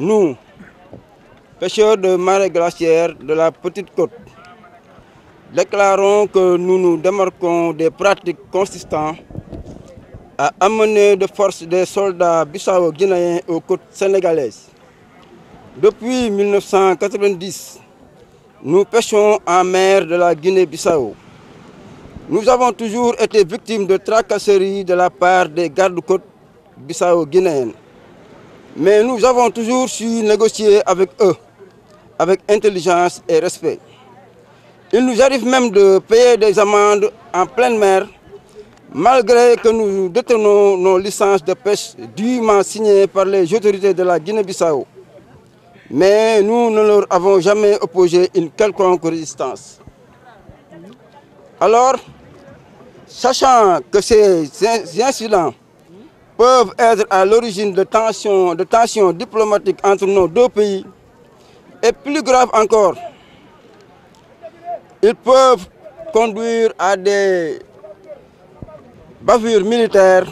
Nous, pêcheurs de marée glaciaire de la Petite Côte, déclarons que nous nous démarquons des pratiques consistantes à amener de force des soldats bissau-guinéens aux côtes sénégalaises. Depuis 1990, nous pêchons en mer de la Guinée-Bissau. Nous avons toujours été victimes de tracasseries de la part des gardes-côtes bissau-guinéennes. Mais nous avons toujours su négocier avec eux, avec intelligence et respect. Il nous arrive même de payer des amendes en pleine mer, malgré que nous détenons nos licences de pêche dûment signées par les autorités de la Guinée-Bissau. Mais nous ne leur avons jamais opposé une quelconque résistance. Alors, sachant que ces incidents peuvent être à l'origine de tensions, de tensions diplomatiques entre nos deux pays. Et plus grave encore, ils peuvent conduire à des bavures militaires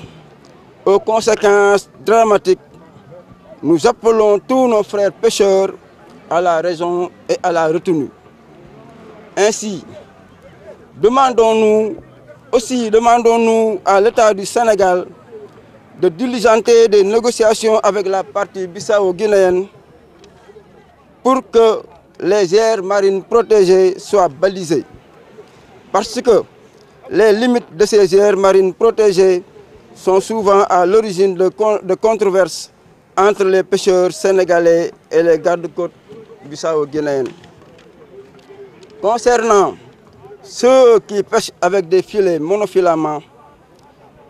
aux conséquences dramatiques. Nous appelons tous nos frères pêcheurs à la raison et à la retenue. Ainsi, demandons-nous aussi demandons-nous à l'État du Sénégal de diligenter des négociations avec la partie bissau-guinéenne pour que les aires marines protégées soient balisées. Parce que les limites de ces aires marines protégées sont souvent à l'origine de, controverses entre les pêcheurs sénégalais et les gardes-côtes bissau-guinéennes. Concernant ceux qui pêchent avec des filets monofilaments,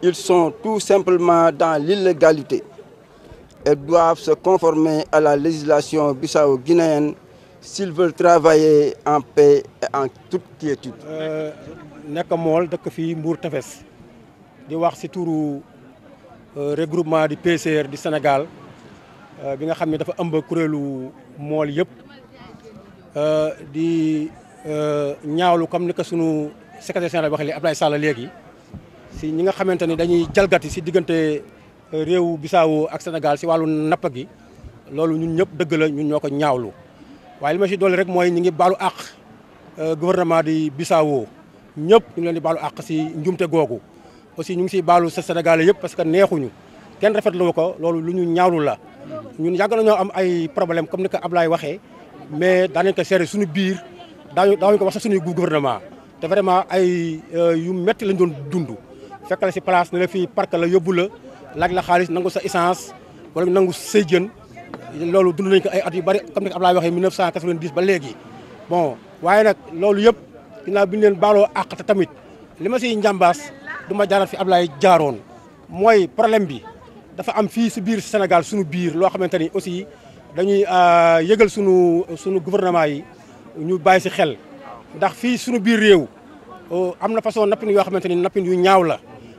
ils sont tout simplement dans l'illégalité Ils doivent se conformer à la législation bissau-guinéenne s'ils veulent travailler en paix et en toute quiétude. Je euh, suis dëkk fii Mbour Tefes di wax euh, regroupement du PCR du Sénégal euh, bi nga xam ne dafa ëmb kuréelu mool yëpp di ñaawlu comme ni ko sunu secrétaire général waxee Abdoulaye si ñi nga xamante dañuy jalgati si digënté euh, réewu Bissau ak Sénégal si walu napagi gi loolu ñun ñëpp dëgg la ñun ñoko ñaawlu waye lima ci si rek moy ñi ngi balu ak euh, gouvernement di Bissau ñëpp ñu leen di balu ak si nyumte gogou aussi ñu ngi ci balu sa Sénégal yëpp parce que neexuñu rafet lu ko lolu lu ñu ñaawlu la ñun yag nañu am ay problème comme ni ko Ablaye waxé mais daanañ ko séré suñu biir daañu daañu ko wax sa gouvernement té vraiment ay euh, yu metti lañ doon dundu fekk ci place ne la fi park la yobul la laaj la xaalis nangu sa essence wala nangu sey jën lolu dund nañ ko ay at yu bari comme ni abdoulaye waxe 1990 ba legui bon waye nak lolu yeb dina bi len balo ak ta tamit lima ci siy duma jaral fi abdoulaye jaaroon moy problème bi dafa am fi ci biir Sénégal suñu biir lo xamanteni aussi dañuy euh, yëgal suñu suñu gouvernement yi ñu bàyyi ci xel ndax fi suñu biir réew euh, amna façon nappin yoo xamanteni ni yu ñaaw la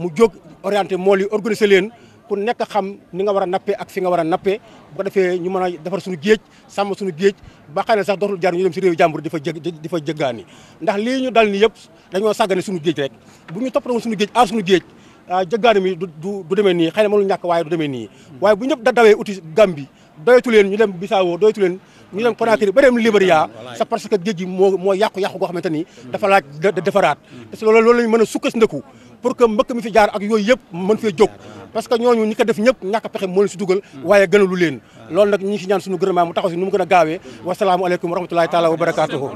mu jóg orienté mool yi organiser leen ku nekk xam ni nga war a nappee ak fi nga war a nappee bu defee ñu mën a defar suñu géej sàmm suñu géej ba xëy na sax dootul jaar ñu dem si réew jàmbur di fa jë di fa jëggaani ndax lii ñu dal ni yëpp dañoo saggane suñu géej rek bu ñu toppatoo suñu géej aar suñu géej ah, jëggaani mi du du demee nii xëy na lu ñàkk waaye du demee nii hmm. waaye bu ñëpp da dawee uti Gàmbi doyatu leen ñu dem Bisaawoo doyatu leen ñu dem Conakry ba dem Libéria c'est parce que géej gi moo moo yàqu-yàqu goo xamante ni dafa laaj defaraat te mm. loolu loolu mën a sukkandiku pour que mbëkk mi fi jaar ak yooyu yëpp mën fee jóg parce que ñooñu ñi ko def ñëpp ñàkk a pexe moo leen si dugal mm. waaye gënalu leen mm. loolu nag ñi si ñaan suñu gouvernement mu taxaw si nu mu gën a gaawee wasalaamu aleykum wa rahmatulahi wa barakaatuhu